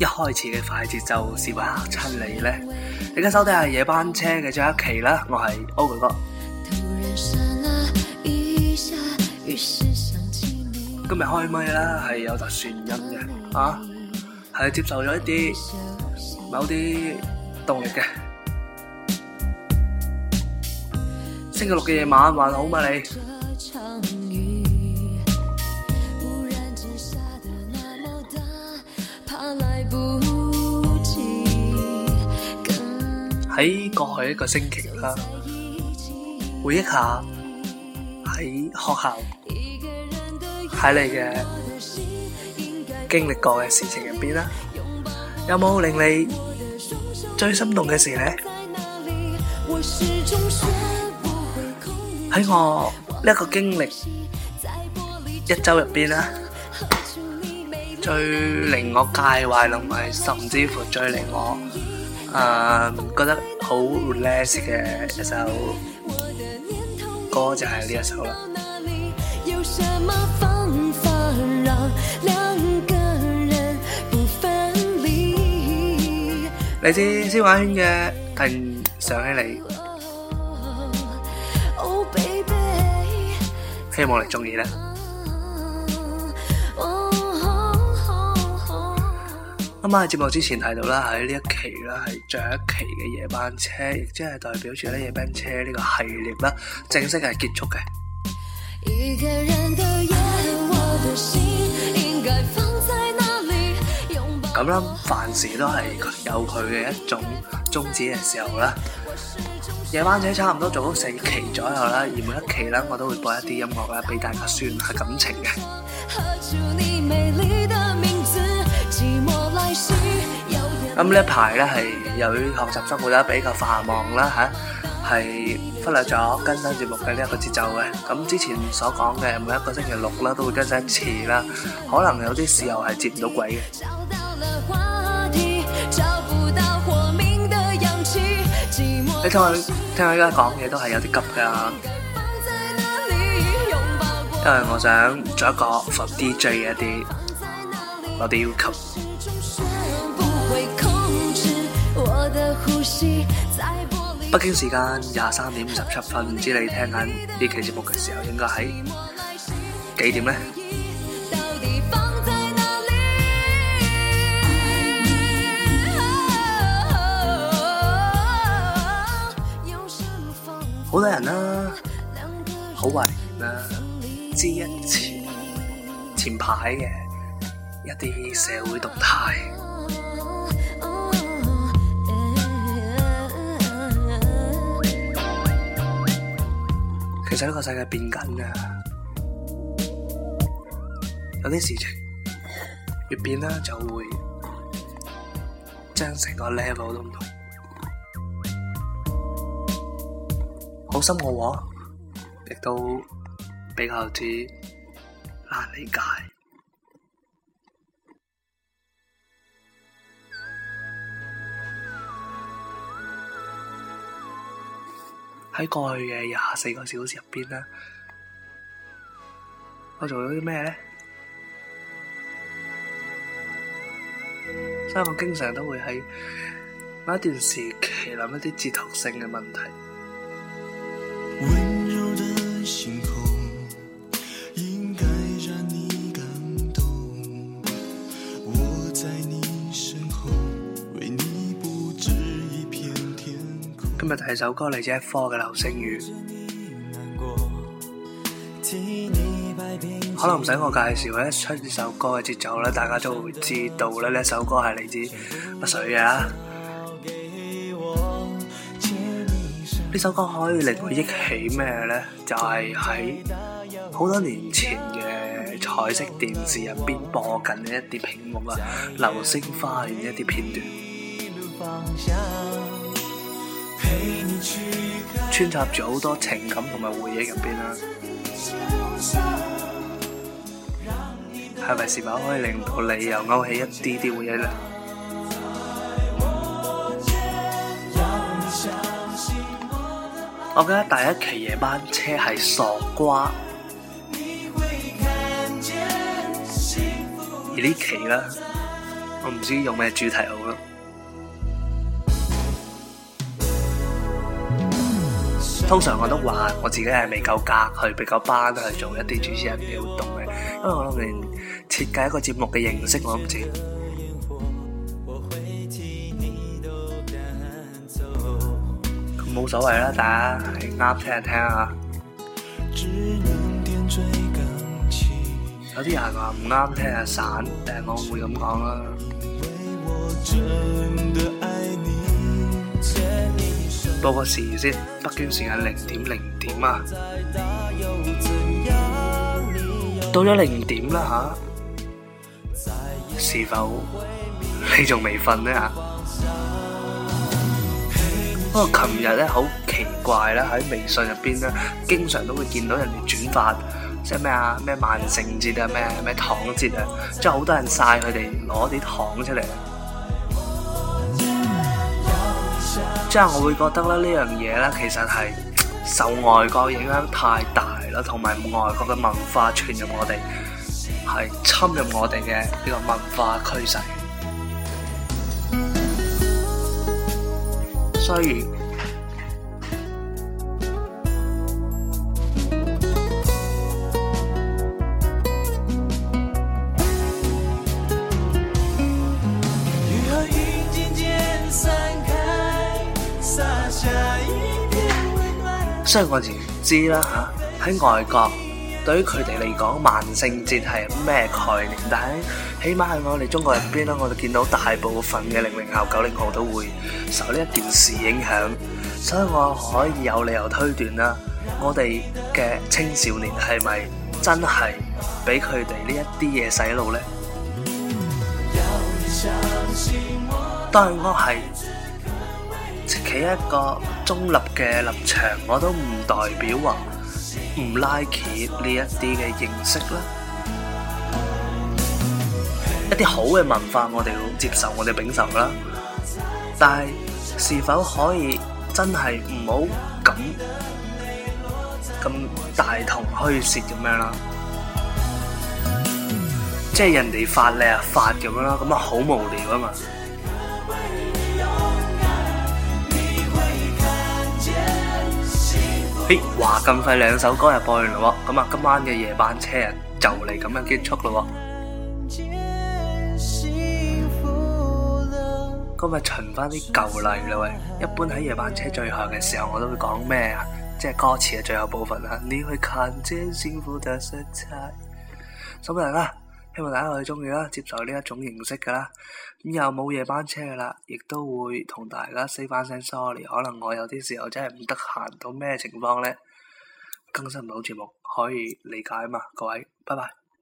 一開始嘅快節奏是把吓親你咧，而家收睇係夜班車嘅最後一期啦。我係 O.K. 哥，今日開麥啦，係有特殊音嘅啊，係接受咗一啲某啲動力嘅。星期六嘅夜晚還好嗎？你喺過去一個星期啦，回憶下喺學校，喺你嘅經歷過嘅事情入邊啦，有冇令你最心動嘅事呢？喺我呢一個經歷一周入邊啦，最令我介懷同埋甚至乎最令我誒覺得好 relax 嘅一首歌就係呢一首啦。你知先玩圈嘅，突然想起你。希望你中意咧。今晚喺節目之前提到啦，喺呢一期啦，係最後一期嘅夜班車，亦即係代表住咧夜班車呢個系列啦，正式係結束嘅。咁啦、 嗯，凡事都係有佢嘅一種宗旨嘅時候啦。夜班車差唔多做到四期左右啦，而每一期啦，我都會播一啲音樂啦，俾大家算下感情嘅。咁呢一排咧，係由於學習生活咧比較繁忙啦吓，係忽略咗更新節目嘅呢一個節奏嘅。咁之前所講嘅每一個星期六啦，都會更新一次啦，可能有啲時候係接唔到鬼嘅。聽佢聽佢而家講嘢都係有啲急㗎，因為我想做一個服 DJ 一啲、嗯，攞啲要求。北京時間廿三點五十七分，唔知你聽緊呢期節目嘅時候應該喺幾點呢？人啦，好懷念啦，之前前排嘅一啲社會動態。其實呢個世界變緊㗎，有啲事情越變呢就會將成個 level 都唔同。好深奧，亦都比較之難理解。喺過去嘅廿四個小時入邊咧，我做咗啲咩咧？所以我經常都會喺某一段時期諗一啲哲學性嘅問題。今日第一首歌嚟自《F4 嘅流星雨》，可能唔使我介紹，一出呢首歌嘅節奏咧，大家都會知道咧。呢首歌係嚟自乜水嘅？呢首歌可以令我憶起咩呢？就係喺好多年前嘅彩色電視入邊播緊嘅一啲屏幕啊，流星花園一啲片段。穿插住好多情感同埋回憶入邊啦，係咪是否可以令到你又勾起一啲啲回憶咧？我覺得第一期夜班車係傻瓜，而期呢期咧，我唔知用咩主題好咯。通常我都話我自己係未夠格去比較班去做一啲主持人嘅活動嘅，因為我哋設計一個節目嘅形式，我都我唔知。咁冇所謂啦，大家係啱聽就聽下。有啲人話唔啱聽就散，但係我唔會咁講啦。報個時先，北京時間零點零點啊，到咗零點啦吓，是否你仲未瞓咧吓？不過琴日咧好奇怪咧，喺微信入邊咧，經常都會見到人哋轉發，即係咩啊咩萬聖節啊咩咩糖節啊，即係好多人晒佢哋攞啲糖出嚟。即係我會覺得咧，呢樣嘢咧，其實係受外國影響太大啦，同埋外國嘅文化傳入我哋，係侵入我哋嘅呢個文化趨勢，雖然。所以我就知啦嚇，喺外國對於佢哋嚟講萬聖節係咩概念，但係起碼喺我哋中國入邊咧，我哋見到大部分嘅零零後九零後都會受呢一件事影響，所以我可以有理由推斷啦，我哋嘅青少年係咪真係俾佢哋呢一啲嘢洗腦呢？但係我係。企喺一個中立嘅立場，我都唔代表話唔 like 呢一啲嘅認識啦。一啲好嘅文化，我哋要接受，我哋秉承。但係是，是否可以真係唔好咁咁大同虛設咁樣啦？即係人哋發你啊發咁樣啦，咁啊好無聊啊嘛。Hey, 哇！咁快兩首歌又播完咯喎，咁啊今晚嘅夜班車就嚟咁樣結束咯喎。咁啊，循翻啲舊例啦喂，一般喺夜班車最後嘅時候，我都會講咩啊？即係歌詞嘅最後部分啊。你會看見幸福嘅色彩。咁樣啦！希望大家可以鍾意啦，接受呢一種形式噶啦。咁又冇夜班車噶啦，亦都會同大家 say 翻聲 sorry。可能我有啲時候真係唔得閒，到咩情況咧，更新唔到節目，可以理解嘛。各位，拜拜。